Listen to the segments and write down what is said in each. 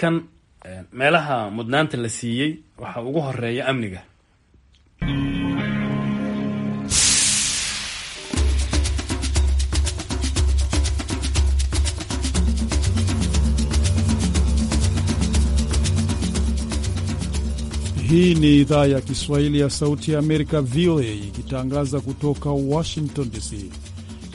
kan ee, meelaha mudnaanta la siiyey waxaa ugu horeeya amniga. Hii ni idhaa ya Kiswahili ya Sauti ya Amerika, VOA, ikitangaza kutoka Washington DC.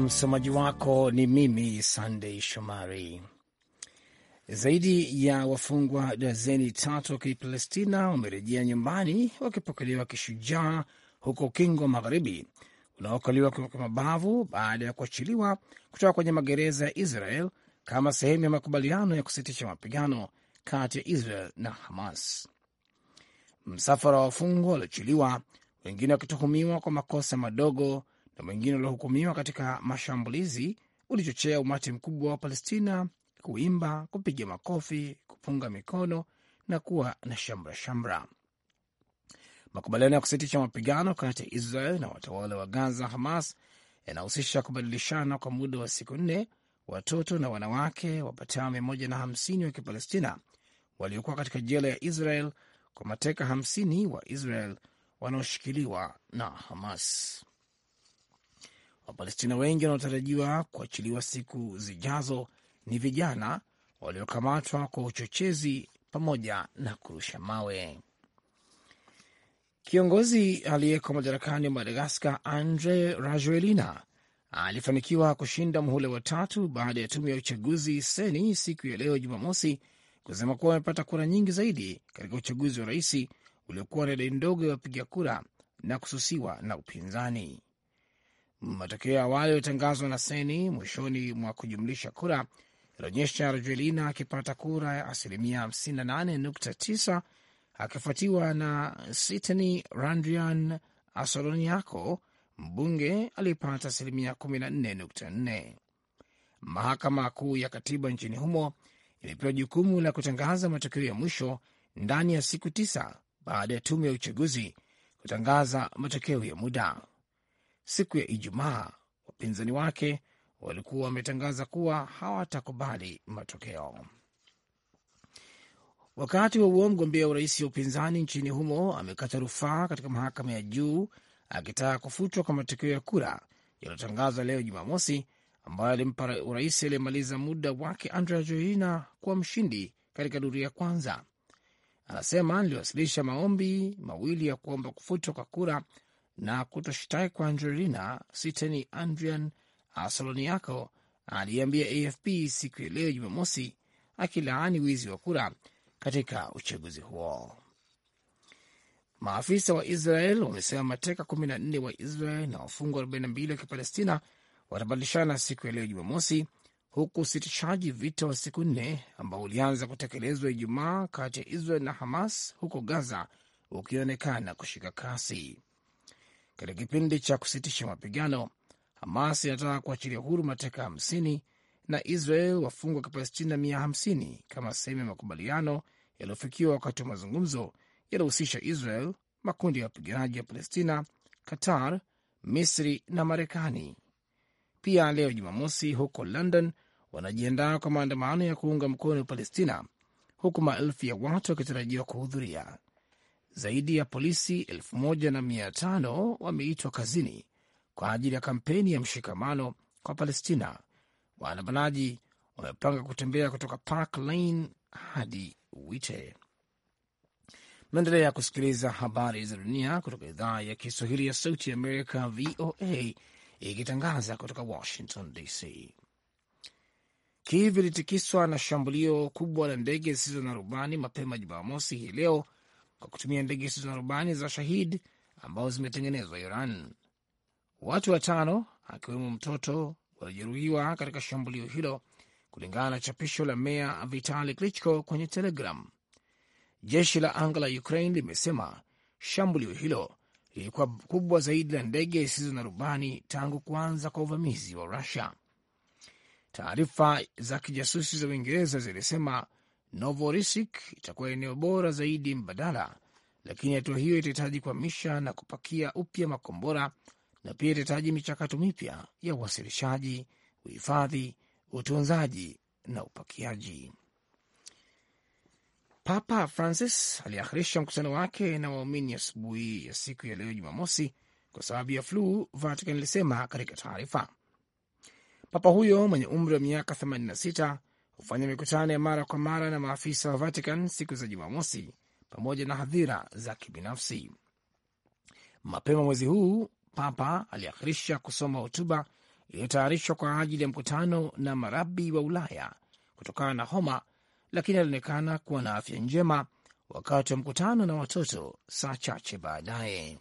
msomaji wako ni mimi Sandei Shomari. Zaidi ya wafungwa dazeni tatu wa Kipalestina wamerejea nyumbani wakipokelewa kishujaa huko Ukingo wa Magharibi unaokaliwa kwa mabavu baada ya kuachiliwa kutoka kwenye magereza ya Israel kama sehemu ya makubaliano ya kusitisha mapigano kati ya Israel na Hamas. Msafara wa wafungwa walioachiliwa, wengine wakituhumiwa kwa makosa madogo na mwengine waliohukumiwa katika mashambulizi ulichochea umati mkubwa wa Palestina kuimba, kupiga makofi, kupunga mikono na kuwa na shamra shamra. Makubaliano ya kusitisha mapigano kati ya Israel na watawala wa Gaza, Hamas, yanahusisha kubadilishana kwa muda wa siku nne watoto na wanawake wapatao mia moja na hamsini wa Kipalestina waliokuwa katika jela ya Israel kwa mateka hamsini wa Israel wanaoshikiliwa na Hamas. Wapalestina wengi wanaotarajiwa kuachiliwa siku zijazo ni vijana waliokamatwa kwa uchochezi pamoja na kurusha mawe. Kiongozi aliyeko madarakani wa Madagaskar, Andre Rajoelina, alifanikiwa kushinda muhula wa tatu baada ya tume ya uchaguzi seni siku ya leo Jumamosi kusema kuwa amepata kura nyingi zaidi katika uchaguzi wa rais uliokuwa na idadi ndogo ya wapiga kura na kususiwa na upinzani. Matokeo ya awali yaliyotangazwa na Seni mwishoni mwa kujumlisha kura yalionyesha Rajoelina akipata kura ya asilimia 58.9 akifuatiwa na Sitney Randrian asoloniaco mbunge aliyepata asilimia 14.4. Mahakama Kuu ya Katiba nchini humo ilipewa jukumu la kutangaza matokeo ya mwisho ndani ya siku tisa baada ya tume ya uchaguzi kutangaza matokeo ya muda siku ya Ijumaa wapinzani wake walikuwa wametangaza kuwa hawatakubali matokeo. Wakati wa huo mgombea urais wa upinzani nchini humo amekata rufaa katika mahakama ya juu akitaka kufutwa kwa matokeo ya kura yaliyotangazwa leo Jumamosi, ambayo alimpa urais aliyemaliza muda wake Andrea joina kuwa mshindi katika duru ya kwanza. Anasema niliwasilisha maombi mawili ya kuomba kufutwa kwa kura na kutoshtaki kwa Angelina Siteni Andrian Asoloniako aliyeambia AFP siku ya leo Jumamosi, akilaani wizi wa kura katika uchaguzi huo. Maafisa wa Israel wamesema mateka 14 wa Israel na wafungwa 42 wa Kipalestina watabadilishana siku ya leo Jumamosi, huku usitishaji vita wa siku nne ambao ulianza kutekelezwa Ijumaa kati ya Israel na Hamas huko Gaza ukionekana kushika kasi katika kipindi cha kusitisha mapigano. Hamas inataka kuachilia huru mateka 50 na Israel wafungwa Kipalestina 50 kama sehemu ya makubaliano yaliyofikiwa wakati wa mazungumzo yaliyohusisha Israel, makundi ya wapiganaji ya Palestina, Qatar, Misri na Marekani. Pia leo Jumamosi huko London wanajiandaa kwa maandamano ya kuunga mkono Palestina, huku maelfu ya watu wakitarajiwa kuhudhuria zaidi ya polisi elfu moja na mia tano wameitwa kazini kwa ajili ya kampeni ya mshikamano kwa Palestina. Waandamanaji wamepanga kutembea kutoka Park Lane hadi Wite. Naendelea kusikiliza habari za dunia kutoka idhaa ya Kiswahili ya Sauti ya Amerika, VOA, ikitangaza kutoka Washington DC. Kiev ilitikiswa na shambulio kubwa la ndege zisizo na rubani mapema Jumamosi hii leo kwa kutumia ndege zisizo na rubani za Shahid ambazo zimetengenezwa Iran. Watu watano akiwemo mtoto walijeruhiwa katika shambulio hilo, kulingana na chapisho la meya Vitali Klitschko kwenye Telegram. Jeshi la anga la Ukraine limesema shambulio hilo lilikuwa kubwa zaidi la ndege zisizo na rubani tangu kuanza kwa uvamizi wa Rusia. Taarifa za kijasusi za Uingereza zilisema Novorisik itakuwa eneo bora zaidi mbadala, lakini hatua hiyo itahitaji kuhamisha na kupakia upya makombora na pia itahitaji michakato mipya ya uwasilishaji, uhifadhi, utunzaji na upakiaji. Papa Francis aliahirisha mkutano wake na waumini asubuhi ya siku ya leo Jumamosi kwa sababu ya flu, Vatican ilisema katika taarifa. Papa huyo mwenye umri wa miaka hufanya mikutano ya mara kwa mara na maafisa wa Vatican siku za Jumamosi pamoja na hadhira za kibinafsi. Mapema mwezi huu Papa aliakhirisha kusoma hotuba iliyotayarishwa kwa ajili ya mkutano na marabi wa Ulaya kutokana na homa, lakini alionekana kuwa na afya njema wakati wa mkutano na watoto saa chache baadaye.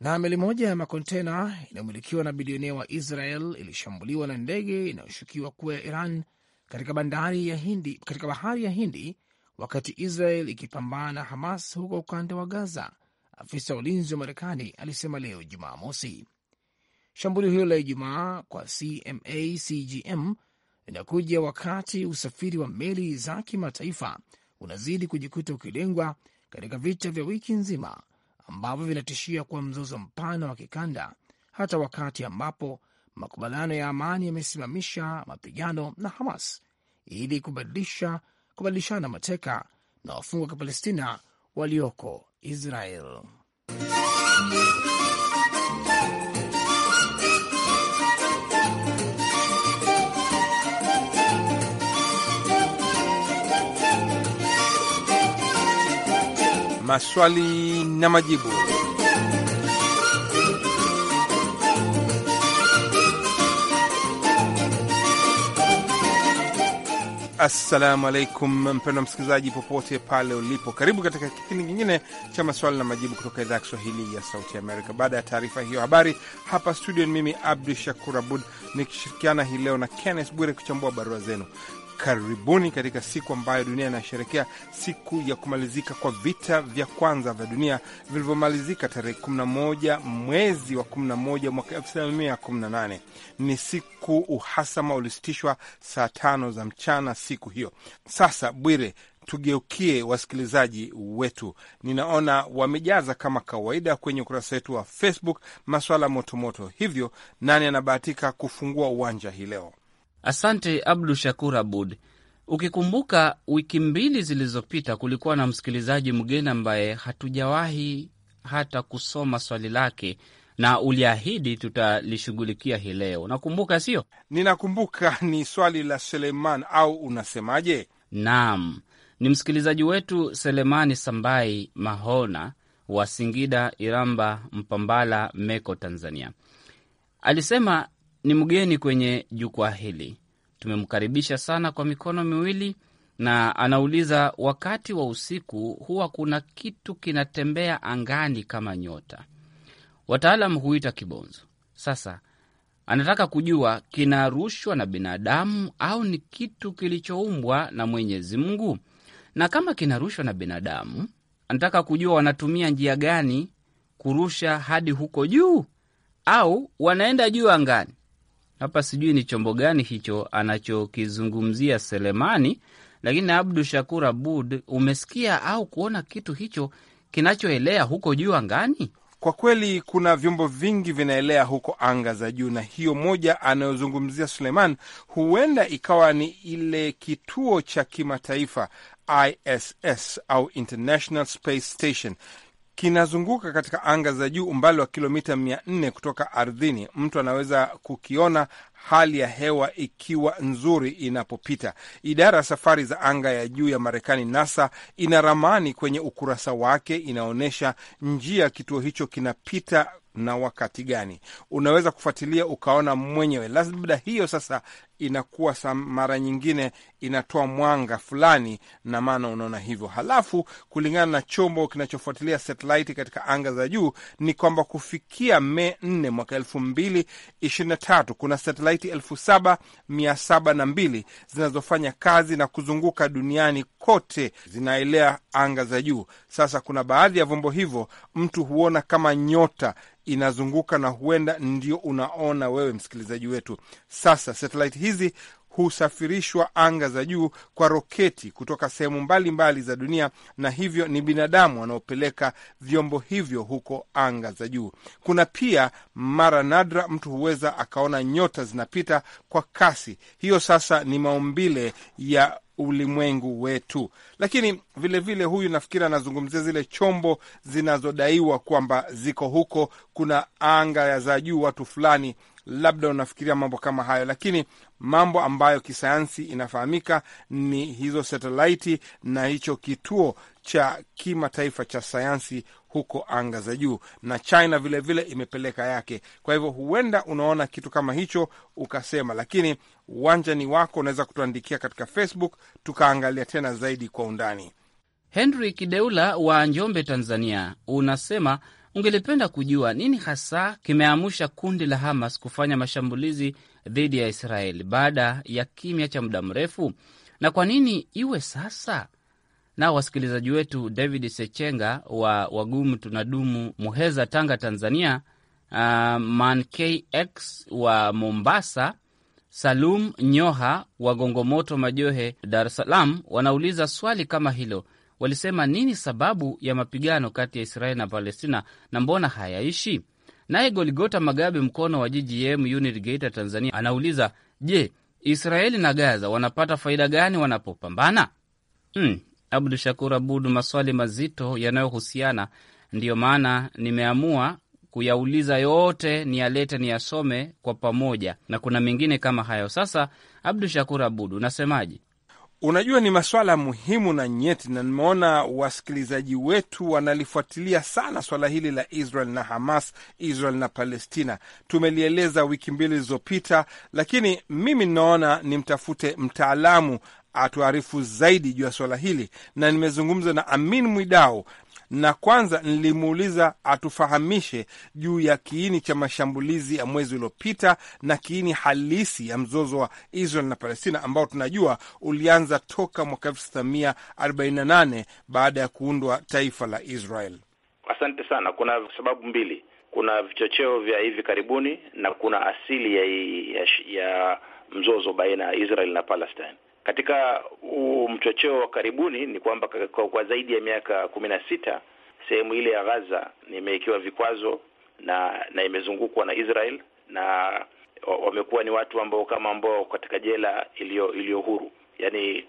Na meli moja ya makontena inayomilikiwa na bilionea wa Israel ilishambuliwa na ndege inayoshukiwa kuwa ya Iran katika bandari ya Hindi, katika bahari ya Hindi wakati Israel ikipambana na Hamas huko ukanda wa Gaza. Afisa wa ulinzi wa Marekani alisema leo jumaa mosi shambulio hilo la Ijumaa kwa CMA CGM linakuja wakati usafiri wa meli za kimataifa unazidi kujikuta ukilengwa katika vita vya wiki nzima ambavyo vinatishia kuwa mzozo mpana wa kikanda, hata wakati ambapo makubaliano ya amani yamesimamisha mapigano na Hamas ili kubadilisha kubadilishana mateka na wafungwa wa Kipalestina walioko Israel. maswali na majibu. Assalamu alaikum, mpendwa msikilizaji, popote pale ulipo, karibu katika kipindi kingine cha maswali na majibu kutoka idhaa ya Kiswahili ya Sauti Amerika. Baada ya taarifa hiyo habari hapa studio, ni mimi Abdu Shakur Abud nikishirikiana hii leo na Kennes Bwire kuchambua barua zenu. Karibuni katika siku ambayo dunia inasherekea siku ya kumalizika kwa vita vya kwanza vya dunia vilivyomalizika tarehe 11 mwezi wa 11 mwaka 1918. Ni siku uhasama ulisitishwa saa tano za mchana siku hiyo. Sasa Bwire, tugeukie wasikilizaji wetu. Ninaona wamejaza kama kawaida kwenye ukurasa wetu wa Facebook maswala motomoto. Hivyo nani anabahatika kufungua uwanja hii leo? Asante Abdu Shakur Abud. Ukikumbuka wiki mbili zilizopita kulikuwa na msikilizaji mgeni ambaye hatujawahi hata kusoma swali lake na uliahidi tutalishughulikia hii leo. nakumbuka sio? Ninakumbuka. Ni swali la Seleman au unasemaje? Naam, ni msikilizaji wetu Selemani Sambai Mahona wa Singida, Iramba, Mpambala, Meko, Tanzania. Alisema ni mgeni kwenye jukwaa hili. Tumemkaribisha sana kwa mikono miwili, na anauliza wakati wa usiku huwa kuna kitu kinatembea angani kama nyota, wataalam huita kibonzo. Sasa anataka kujua kinarushwa na binadamu au ni kitu kilichoumbwa na Mwenyezi Mungu, na kama kinarushwa na binadamu, anataka kujua wanatumia njia gani kurusha hadi huko juu, au wanaenda juu angani hapa sijui ni chombo gani hicho anachokizungumzia Selemani, lakini Abdu Shakur Abud, umesikia au kuona kitu hicho kinachoelea huko juu angani? Kwa kweli kuna vyombo vingi vinaelea huko anga za juu, na hiyo moja anayozungumzia Suleiman huenda ikawa ni ile kituo cha kimataifa ISS au International Space Station kinazunguka katika anga za juu umbali wa kilomita 4 kutoka ardhini. Mtu anaweza kukiona hali ya hewa ikiwa nzuri inapopita. Idara ya safari za anga ya juu ya Marekani, NASA, ina ramani kwenye ukurasa wake, inaonyesha njia kituo hicho kinapita na wakati gani. Unaweza kufuatilia ukaona mwenyewe. Labda hiyo sasa inakuwa mara nyingine inatoa mwanga fulani, na maana unaona hivyo. Halafu kulingana na chombo kinachofuatilia satelaiti katika anga za juu ni kwamba kufikia Mei 4 mwaka elfu mbili ishirini na tatu kuna satelaiti satelaiti 7702 zinazofanya kazi na kuzunguka duniani kote, zinaelea anga za juu. Sasa kuna baadhi ya vyombo hivyo mtu huona kama nyota inazunguka na huenda ndio unaona wewe msikilizaji wetu. Sasa satelaiti hizi husafirishwa anga za juu kwa roketi kutoka sehemu mbalimbali za dunia, na hivyo ni binadamu wanaopeleka vyombo hivyo huko anga za juu. Kuna pia mara nadra mtu huweza akaona nyota zinapita kwa kasi hiyo. Sasa ni maumbile ya ulimwengu wetu, lakini vilevile vile huyu nafikiri anazungumzia zile chombo zinazodaiwa kwamba ziko huko, kuna anga za juu, watu fulani labda unafikiria mambo kama hayo, lakini mambo ambayo kisayansi inafahamika ni hizo satelaiti na hicho kituo cha kimataifa cha sayansi huko anga za juu, na China vilevile vile imepeleka yake. Kwa hivyo huenda unaona kitu kama hicho ukasema, lakini uwanja ni wako, unaweza kutuandikia katika Facebook tukaangalia tena zaidi kwa undani. Henry Kideula wa Njombe, Tanzania, unasema ungelipenda kujua nini hasa kimeamusha kundi la Hamas kufanya mashambulizi dhidi ya Israeli baada ya kimya cha muda mrefu, na kwa nini iwe sasa? Nao wasikilizaji wetu David Sechenga wa Wagumu Tunadumu, Muheza, Tanga, Tanzania, uh, Mankx wa Mombasa, Salum Nyoha wa Gongomoto, Majohe, Dar es Salaam, wanauliza swali kama hilo: walisema nini sababu ya mapigano kati ya Israeli na Palestina na mbona hayaishi? Naye Goligota Magabe, mkono wa GGM unit Geita, Tanzania, anauliza je, Israeli na Gaza wanapata faida gani wanapopambana? Hmm, Abdu Shakur Abudu, maswali mazito yanayohusiana, ndiyo maana nimeamua kuyauliza yote, niyalete niyasome kwa pamoja, na kuna mengine kama hayo. Sasa Abdu Shakur Abudu, unasemaje? Unajua, ni maswala muhimu na nyeti, na nimeona wasikilizaji wetu wanalifuatilia sana swala hili la Israel na Hamas, Israel na Palestina. Tumelieleza wiki mbili zilizopita, lakini mimi ninaona nimtafute mtaalamu atuarifu zaidi juu ya swala hili, na nimezungumza na Amin Mwidau na kwanza nilimuuliza atufahamishe juu ya kiini cha mashambulizi ya mwezi uliopita na kiini halisi ya mzozo wa Israel na Palestina ambao tunajua ulianza toka mwaka 1948 baada ya kuundwa taifa la Israel. Asante sana. Kuna sababu mbili, kuna vichocheo vya hivi karibuni na kuna asili ya, ya, ya mzozo baina ya Israel na Palestine. Katika mchocheo wa karibuni ni kwamba kwa, kwa zaidi ya miaka kumi na sita sehemu ile ya Gaza imewekewa vikwazo na na imezungukwa na Israel na wamekuwa ni watu ambao kama ambao katika jela iliyo iliyo huru, yani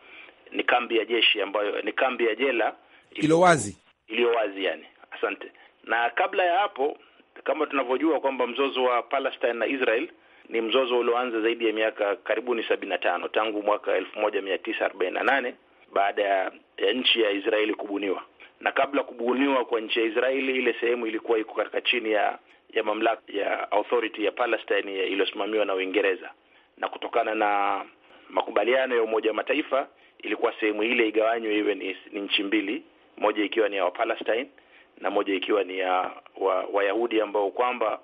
ni kambi ya jeshi ambayo ni kambi ya jela iliyo wazi iliyo wazi, yani asante. Na kabla ya hapo, kama tunavyojua kwamba mzozo wa Palestine na Israel ni mzozo ulioanza zaidi ya miaka karibuni sabini na tano tangu mwaka elfu moja mia tisa arobaini na nane baada ya nchi ya Israeli kubuniwa. Na kabla kubuniwa kwa nchi ya Israeli, ile sehemu ilikuwa iko katika chini ya ya mamlaka ya authority ya Palestine iliyosimamiwa na Uingereza, na kutokana na makubaliano ya Umoja wa Mataifa ilikuwa sehemu ile igawanywe iwe ni, ni nchi mbili, moja ikiwa ni ya Wapalestine na moja ikiwa ni ya Wayahudi wa ambao kwamba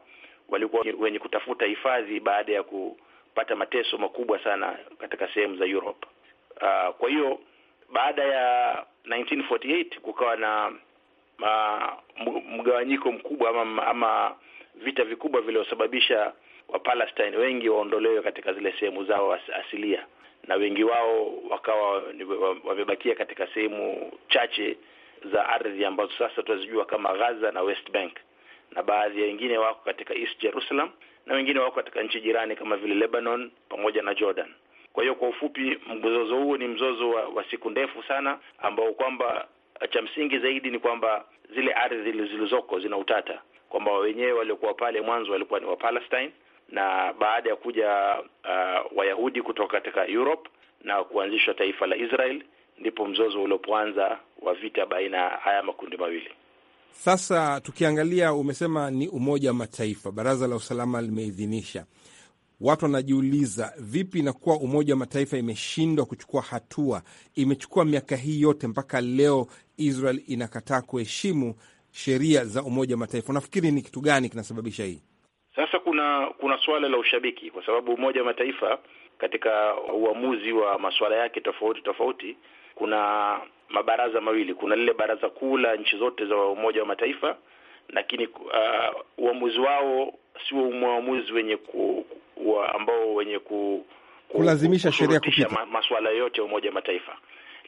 walikuwa wenye kutafuta hifadhi baada ya kupata mateso makubwa sana katika sehemu za Europe. Uh, kwa hiyo baada ya 1948 kukawa na mgawanyiko mkubwa ama, ama vita vikubwa viliosababisha Wapalestine wengi waondolewe katika zile sehemu zao asilia na wengi wao wakawa wamebakia katika sehemu chache za ardhi ambazo sasa tunazijua kama Gaza na West Bank na baadhi ya wengine wako katika East Jerusalem na wengine wako katika nchi jirani kama vile Lebanon pamoja na Jordan. Kwa hiyo kwa ufupi, mzozo huo ni mzozo wa, wa siku ndefu sana ambao kwamba eh, cha msingi zaidi ni kwamba zile ardhi zilizoko zina utata, kwamba wenyewe waliokuwa pale mwanzo walikuwa ni Wapalestine na baada ya kuja uh, Wayahudi kutoka katika Europe na kuanzishwa taifa la Israel ndipo mzozo ulipoanza wa vita baina ya haya makundi mawili. Sasa tukiangalia, umesema ni Umoja wa Mataifa, Baraza la Usalama limeidhinisha. Watu wanajiuliza vipi inakuwa Umoja wa Mataifa imeshindwa kuchukua hatua? Imechukua miaka hii yote mpaka leo, Israel inakataa kuheshimu sheria za Umoja wa Mataifa. Unafikiri ni kitu gani kinasababisha hii? Sasa kuna kuna suala la ushabiki, kwa sababu Umoja wa Mataifa katika uamuzi wa masuala yake tofauti tofauti, kuna mabaraza mawili. Kuna lile baraza kuu la nchi zote za Umoja wa Mataifa, lakini uh, uamuzi wao sio uamuzi wenye ku, ku, ambao wenye ku, ku, kulazimisha sheria kupita masuala yote ya Umoja wa Mataifa,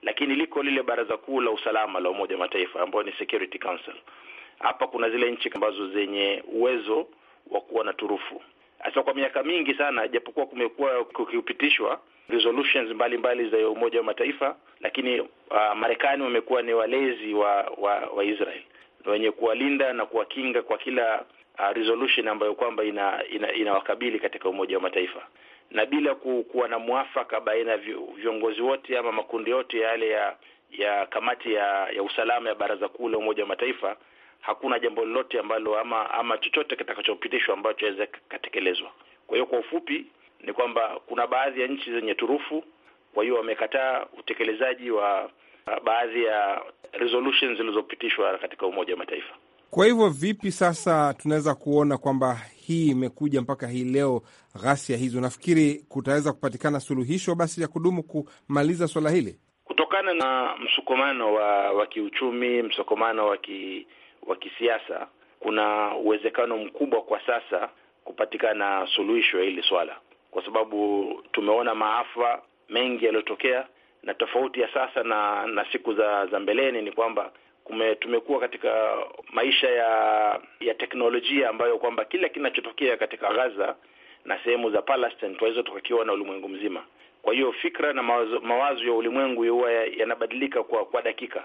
lakini liko lile baraza kuu la usalama la Umoja wa Mataifa ambayo ni Security Council. Hapa kuna zile nchi ambazo zenye uwezo wa kuwa na turufu. Sasa kwa miaka mingi sana, japokuwa kumekuwa kukipitishwa resolutions mbalimbali mbali za Umoja wa Mataifa, lakini uh, Marekani wamekuwa ni walezi wa wa, wa Israel wenye kuwalinda na kuwakinga kwa kila uh, resolution ambayo kwamba inawakabili ina, ina katika Umoja wa Mataifa na bila ku, kuwa na mwafaka baina ya viongozi wote ama makundi yote yale ya ya kamati ya, ya usalama ya Baraza Kuu la Umoja wa Mataifa, hakuna jambo lolote ambalo ama ama chochote kitakachopitishwa ambacho aweza katekelezwa. Kwa hiyo kwa ufupi, ni kwamba kuna baadhi ya nchi zenye turufu, kwa hiyo wamekataa utekelezaji wa uh, baadhi ya resolutions zilizopitishwa katika Umoja wa Mataifa. Kwa hivyo vipi sasa tunaweza kuona kwamba hii imekuja mpaka hii leo ghasia hizo? Nafikiri kutaweza kupatikana suluhisho basi ya kudumu kumaliza swala hili kutokana na msukumano wa wa kiuchumi, msukumano wa ki, wa kisiasa. Kuna uwezekano mkubwa kwa sasa kupatikana suluhisho ya hili swala kwa sababu tumeona maafa mengi yaliyotokea, na tofauti ya sasa na na siku za za mbeleni ni kwamba kume, tumekuwa katika maisha ya ya teknolojia ambayo kwamba kila kinachotokea katika Gaza na sehemu za Palestine tunaweza tukakiwa na ulimwengu mzima. Kwa hiyo fikra na mawazo, mawazo ya ulimwengu huwa yanabadilika kwa kwa dakika,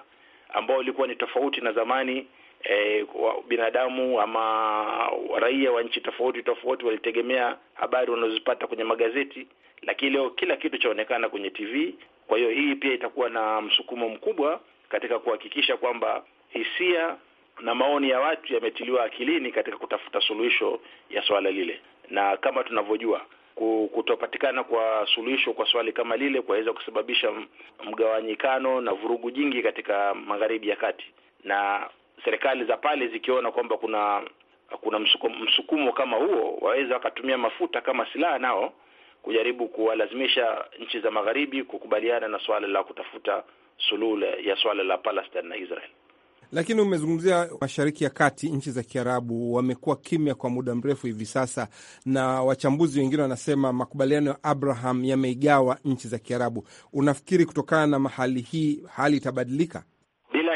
ambao ilikuwa ni tofauti na zamani e, binadamu ama raia wa nchi tofauti tofauti walitegemea habari wanazozipata kwenye magazeti, lakini leo kila kitu chaonekana kwenye TV. Kwa hiyo hii pia itakuwa na msukumo mkubwa katika kuhakikisha kwamba hisia na maoni ya watu yametiliwa akilini katika kutafuta suluhisho ya swala lile, na kama tunavyojua kutopatikana kwa suluhisho kwa swali kama lile kwaweza kusababisha mgawanyikano na vurugu jingi katika magharibi ya kati, na serikali za pale zikiona kwamba kuna kuna msukumo kama huo, waweza wakatumia mafuta kama silaha nao kujaribu kuwalazimisha nchi za magharibi kukubaliana na swala la kutafuta suluhu ya swala la Palestine na Israel. Lakini umezungumzia Mashariki ya Kati, nchi za Kiarabu wamekuwa kimya kwa muda mrefu hivi sasa, na wachambuzi wengine wanasema makubaliano ya Abraham yameigawa nchi za Kiarabu. Unafikiri kutokana na mahali hii hali itabadilika?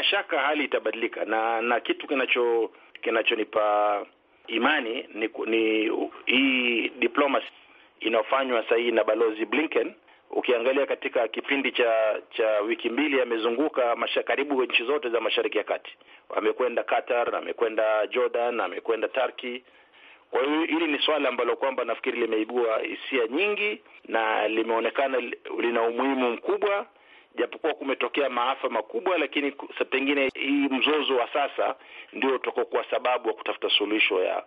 shaka hali itabadilika, na na kitu kinacho kinachonipa imani ni, ni hii diploma inayofanywa sahihi na Balozi Blinken. Ukiangalia katika kipindi cha cha wiki mbili amezunguka karibu nchi zote za Mashariki ya Kati, amekwenda Qatar, amekwenda Jordan, amekwenda Turkey. Kwa hiyo hili ni swala ambalo kwamba nafikiri limeibua hisia nyingi na limeonekana lina umuhimu mkubwa japokuwa kumetokea maafa makubwa, lakini pengine hii mzozo wa sasa ndio utakokuwa sababu ya kutafuta suluhisho ya,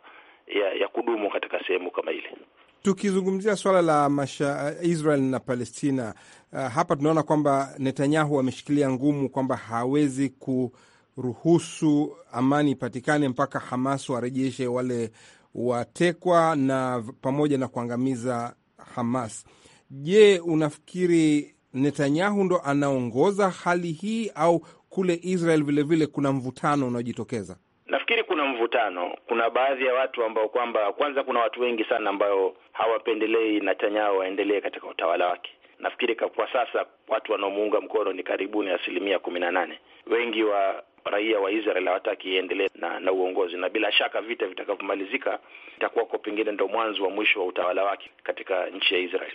ya ya kudumu katika sehemu kama ile. Tukizungumzia swala la masha, eh, Israel na Palestina, uh, hapa tunaona kwamba Netanyahu ameshikilia ngumu kwamba hawezi kuruhusu amani ipatikane mpaka Hamas warejeshe wale watekwa na pamoja na kuangamiza Hamas. Je, unafikiri Netanyahu ndo anaongoza hali hii au kule Israel vilevile vile kuna mvutano unaojitokeza? Nafikiri kuna mvutano. Kuna baadhi ya watu ambao kwamba, kwanza kuna watu wengi sana ambao hawapendelei Netanyahu waendelee katika utawala wake. Nafikiri kwa sasa watu wanaomuunga mkono ni karibuni asilimia kumi na nane. Wengi wa raia wa Israel hawataki iendelee na, na uongozi na bila shaka vita vitakavyomalizika itakuwako pengine ndo mwanzo wa mwisho wa utawala wake katika nchi ya Israel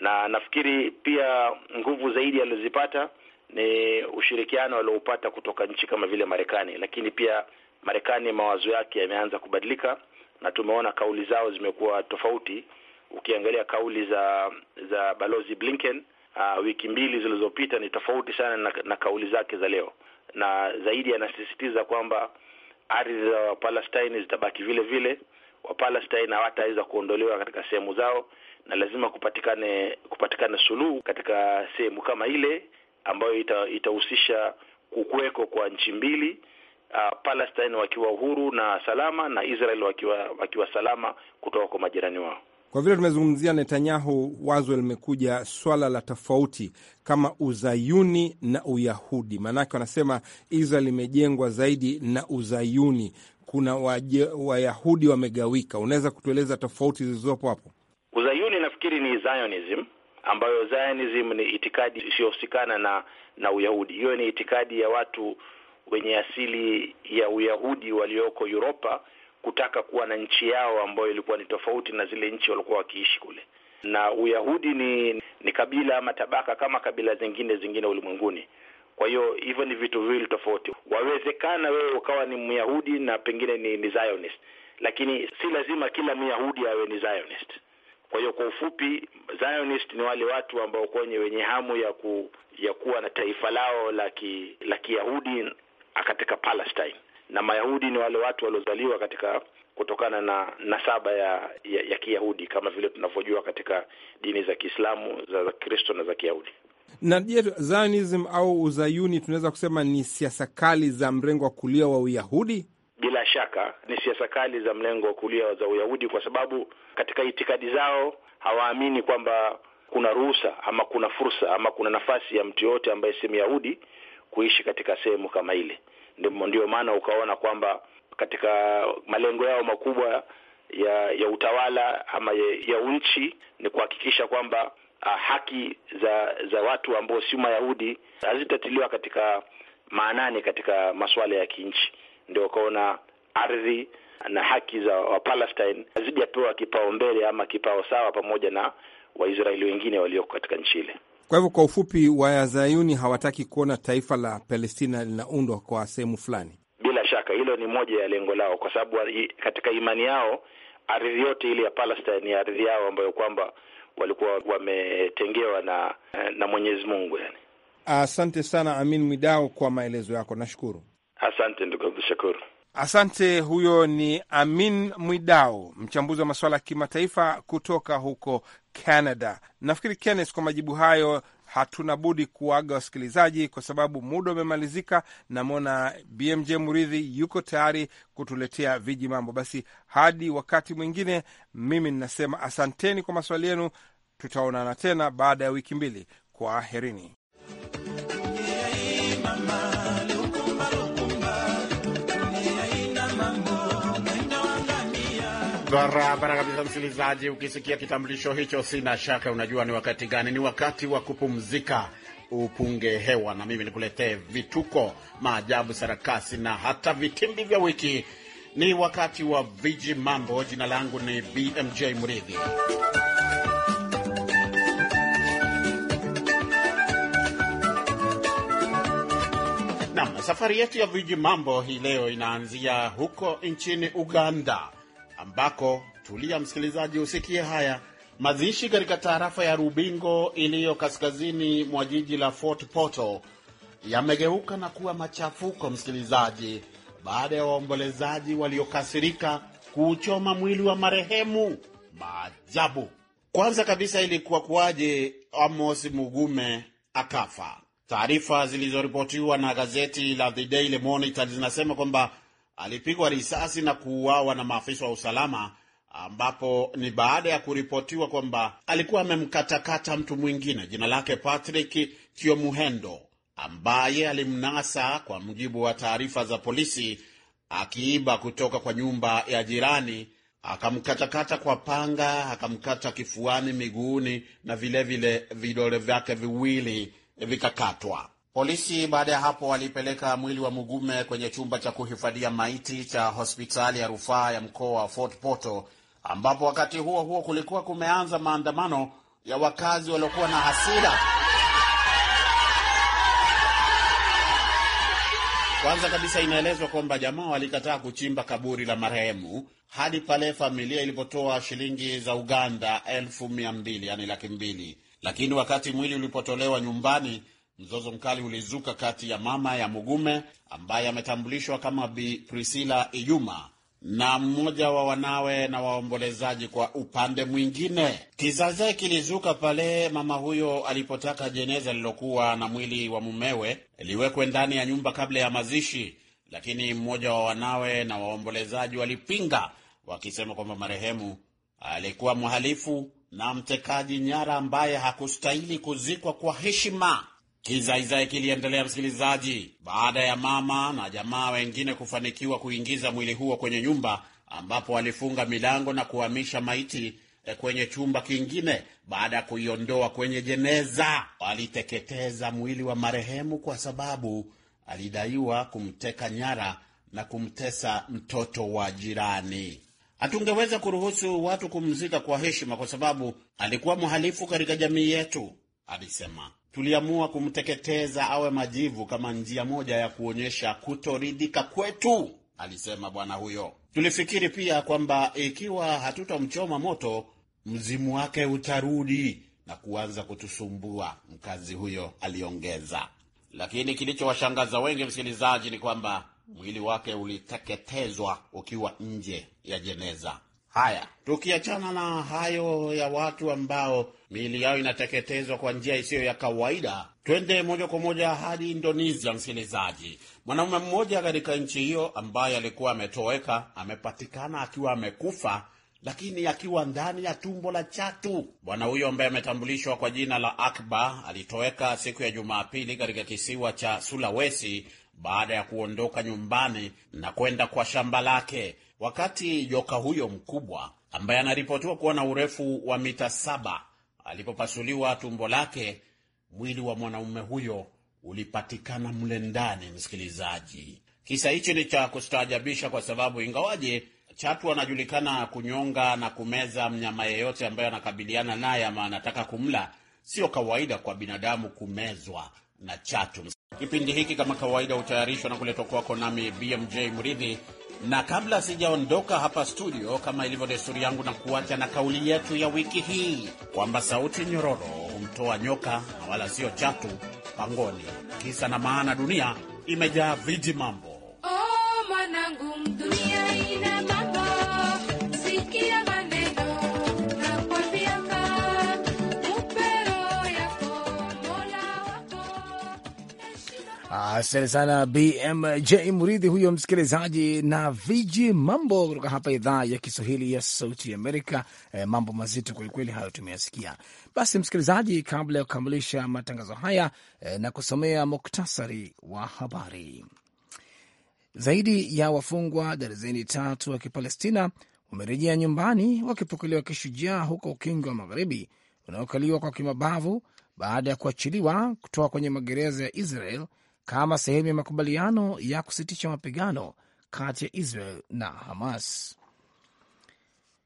na nafikiri pia nguvu zaidi alizozipata ni ushirikiano alioupata kutoka nchi kama vile Marekani. Lakini pia Marekani mawazo yake yameanza kubadilika na tumeona kauli zao zimekuwa tofauti. Ukiangalia kauli za za balozi Blinken uh, wiki mbili zilizopita ni tofauti sana na, na kauli zake za leo, na zaidi anasisitiza kwamba ardhi za Wapalestine zitabaki vile vile, Wapalestine hawataweza kuondolewa katika sehemu zao na lazima kupatikane kupatikane suluhu katika sehemu kama ile ambayo itahusisha kukuweko kwa nchi mbili uh, Palestine wakiwa uhuru na salama na Israel wakiwa wakiwa salama kutoka kwa majirani wao. Kwa vile tumezungumzia Netanyahu, wazo limekuja swala la tofauti kama uzayuni na uyahudi, maanake wanasema Israel imejengwa zaidi na uzayuni. Kuna waje, wayahudi wamegawika. Unaweza kutueleza tofauti zilizopo hapo? Uzayuni nafikiri ni Zionism ambayo Zionism ni itikadi isiyohusikana na na Uyahudi. Hiyo ni itikadi ya watu wenye asili ya Uyahudi walioko Europa kutaka kuwa na nchi yao ambayo ilikuwa ni tofauti na zile nchi walikuwa wakiishi kule. Na Uyahudi ni ni kabila ama tabaka kama kabila zingine zingine ulimwenguni. Kwa hiyo hivyo ni vitu viwili tofauti. Wawezekana wewe ukawa ni Myahudi na pengine ni, ni Zionist, lakini si lazima kila Myahudi awe ni Zionist. Kwa hiyo kwa ufupi, Zionist ni wale watu ambao kwenye wenye hamu ya ku, ya kuwa na taifa lao la Kiyahudi katika Palestine, na Mayahudi ni wale watu waliozaliwa katika kutokana na nasaba ya, ya, ya Kiyahudi kama vile tunavyojua katika dini za Kiislamu za, za Kristo na za Kiyahudi. Na je, Zionism au uzayuni tunaweza kusema ni siasa kali za mrengo wa kulia wa Uyahudi? bila shaka ni siasa kali za mlengo wa kulia za Uyahudi, kwa sababu katika itikadi zao hawaamini kwamba kuna ruhusa ama kuna fursa ama kuna nafasi ya mtu yoyote ambaye si Myahudi kuishi katika sehemu kama ile. Ndio ndio maana ukaona kwamba katika malengo yao makubwa ya ya utawala ama ya, ya nchi ni kuhakikisha kwamba ah, haki za za watu ambao si Mayahudi hazitatiliwa katika maanani katika masuala ya kinchi ndio wakaona ardhi na haki za Wapalestine hazijapewa kipaumbele ama kipao sawa pamoja na Waisraeli wengine walioko katika nchi ile. Kwa hivyo, kwa ufupi, Wazayuni hawataki kuona taifa la Palestina linaundwa kwa sehemu fulani. Bila shaka hilo ni moja ya lengo lao, kwa sababu katika imani yao ardhi yote ile ya Palestine ni ardhi yao ambayo kwamba walikuwa wametengewa na na Mwenyezi Mungu yani. Asante sana Amin midao kwa maelezo yako, nashukuru. Asante ndugu Abdu Shakur. Asante. Huyo ni Amin Mwidau, mchambuzi wa masuala ya kimataifa kutoka huko Canada. Nafikiri Kennes, kwa majibu hayo hatuna budi kuaga wasikilizaji kwa sababu muda umemalizika. Namwona BMJ Muridhi yuko tayari kutuletea viji mambo. Basi hadi wakati mwingine, mimi ninasema asanteni kwa maswali yenu. Tutaonana tena baada ya wiki mbili. Kwaherini. Barabara kabisa, msikilizaji, ukisikia kitambulisho hicho, sina shaka unajua ni wakati gani. Ni wakati wa kupumzika, upunge hewa, na mimi nikuletee vituko, maajabu, sarakasi na hata vitimbi vya wiki. Ni wakati wa viji mambo. Jina langu ni BMJ Mridhi. Nam, safari yetu ya viji mambo hii leo inaanzia huko nchini Uganda ambako tulia msikilizaji, usikie haya. Mazishi katika taarafa ya Rubingo iliyo kaskazini mwa jiji la Fort Portal yamegeuka na kuwa machafuko, msikilizaji, baada ya waombolezaji waliokasirika kuuchoma mwili wa marehemu. Maajabu! Kwanza kabisa, ilikuwa kuwaje Amos Mugume akafa? Taarifa zilizoripotiwa na gazeti la The Daily Monitor zinasema kwamba alipigwa risasi na kuuawa na maafisa wa usalama, ambapo ni baada ya kuripotiwa kwamba alikuwa amemkatakata mtu mwingine jina lake Patrick Kiomuhendo ambaye alimnasa, kwa mujibu wa taarifa za polisi, akiiba kutoka kwa nyumba ya jirani. Akamkatakata kwa panga, akamkata kifuani, miguuni na vilevile vidole vyake viwili vikakatwa. Polisi baada ya hapo walipeleka mwili wa Mugume kwenye chumba cha kuhifadhia maiti cha hospitali ya rufaa ya mkoa wa Fort poto ambapo wakati huo huo kulikuwa kumeanza maandamano ya wakazi waliokuwa na hasira. Kwanza kabisa, inaelezwa kwamba jamaa walikataa kuchimba kaburi la marehemu hadi pale familia ilipotoa shilingi za Uganda elfu mia mbili, yani laki mbili, lakini wakati mwili ulipotolewa nyumbani Mzozo mkali ulizuka kati ya mama ya Mugume ambaye ametambulishwa kama Bi Priscilla Iyuma na mmoja wa wanawe na waombolezaji. Kwa upande mwingine, kizaazaa kilizuka pale mama huyo alipotaka jeneza lilokuwa na mwili wa mumewe liwekwe ndani ya nyumba kabla ya mazishi, lakini mmoja wa wanawe na waombolezaji walipinga wakisema kwamba marehemu alikuwa mhalifu na mtekaji nyara ambaye hakustahili kuzikwa kwa heshima. Kizaizai kiliendelea, msikilizaji, baada ya mama na jamaa wengine kufanikiwa kuingiza mwili huo kwenye nyumba ambapo walifunga milango na kuhamisha maiti eh, kwenye chumba kingine. Baada ya kuiondoa kwenye jeneza, waliteketeza mwili wa marehemu kwa sababu alidaiwa kumteka nyara na kumtesa mtoto wa jirani. Hatungeweza kuruhusu watu kumzika kwa heshima, kwa sababu alikuwa mhalifu katika jamii yetu, alisema tuliamua kumteketeza awe majivu kama njia moja ya kuonyesha kutoridhika kwetu, alisema bwana huyo. Tulifikiri pia kwamba ikiwa hatutamchoma moto, mzimu wake utarudi na kuanza kutusumbua, mkazi huyo aliongeza. Lakini kilichowashangaza wengi, msikilizaji, ni kwamba mwili wake uliteketezwa ukiwa nje ya jeneza. Haya, tukiachana na hayo ya watu ambao miili yao inateketezwa kwa njia isiyo ya kawaida, twende moja kwa moja hadi Indonesia. Msikilizaji, mwanaume mmoja katika nchi hiyo ambaye alikuwa ametoweka amepatikana akiwa amekufa, lakini akiwa ndani ya tumbo la chatu. Bwana huyo ambaye ametambulishwa kwa jina la Akbar alitoweka siku ya Jumapili katika kisiwa cha Sulawesi baada ya kuondoka nyumbani na kwenda kwa shamba lake wakati joka huyo mkubwa ambaye anaripotiwa kuwa na urefu wa mita saba alipopasuliwa tumbo lake, mwili wa mwanaume huyo ulipatikana mle ndani. Msikilizaji, kisa hichi ni cha kustaajabisha kwa sababu ingawaje chatu anajulikana kunyonga na kumeza mnyama yeyote ambaye anakabiliana naye ama anataka kumla, sio kawaida kwa binadamu kumezwa na chatu. Kipindi hiki kama kawaida hutayarishwa na kuletwa kwako nami BMJ Mridhi na kabla sijaondoka hapa studio, kama ilivyo desturi yangu, na kuacha na kauli yetu ya wiki hii kwamba sauti nyororo humtoa nyoka na wala sio chatu pangoni. Kisa na maana, dunia imejaa viji mambo. Asante sana BMJ Muridhi huyo msikilizaji, na viji mambo kutoka hapa idhaa ya Kiswahili ya Sauti Amerika. E, mambo mazito kwelikweli hayo tumeyasikia. Basi msikilizaji, kabla ya kukamilisha matangazo haya e, na kusomea muktasari wa habari. Zaidi ya wafungwa darzeni tatu wa Kipalestina wamerejea nyumbani wakipokelewa kishujaa huko Ukingo wa Magharibi unaokaliwa kwa kimabavu baada ya kuachiliwa kutoka kwenye magereza ya Israel kama sehemu ya makubaliano ya kusitisha mapigano kati ya Israel na Hamas.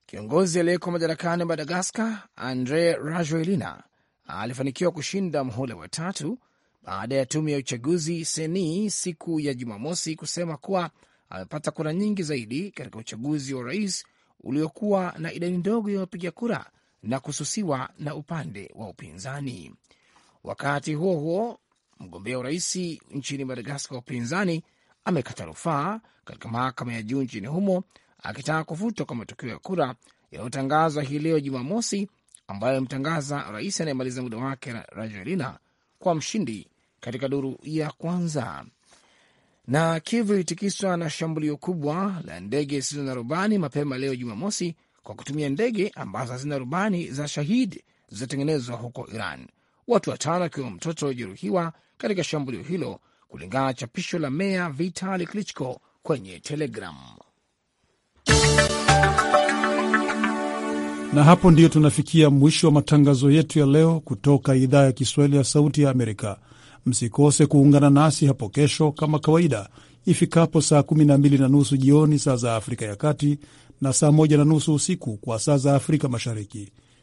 Kiongozi aliyeko madarakani wa Madagaskar, Andre Rajoelina, alifanikiwa kushinda mhula wa tatu baada ya tume ya uchaguzi Seni siku ya Jumamosi kusema kuwa amepata kura nyingi zaidi katika uchaguzi wa rais uliokuwa na idadi ndogo ya wapiga kura na kususiwa na upande wa upinzani. Wakati huo huo, mgombea urais nchini Madagaskar wa upinzani amekata rufaa katika mahakama ya juu nchini humo akitaka kufutwa kwa matokeo ya kura yaliyotangazwa hii leo Jumamosi, ambayo amemtangaza rais anayemaliza muda wake Rajoelina kwa mshindi katika duru ya kwanza. Na Kivu ilitikiswa na shambulio kubwa la ndege zisizo na rubani mapema leo Jumamosi kwa kutumia ndege ambazo hazina rubani za Shahid zilizotengenezwa huko Iran watu watano akiwemo mtoto waliojeruhiwa katika shambulio hilo, kulingana na chapisho la meya Vitali Klitschko kwenye Telegram. Na hapo ndiyo tunafikia mwisho wa matangazo yetu ya leo kutoka idhaa ya Kiswahili ya Sauti ya Amerika. Msikose kuungana nasi hapo kesho kama kawaida ifikapo saa 12 na nusu jioni saa za Afrika ya Kati na saa 1 na nusu usiku kwa saa za Afrika Mashariki.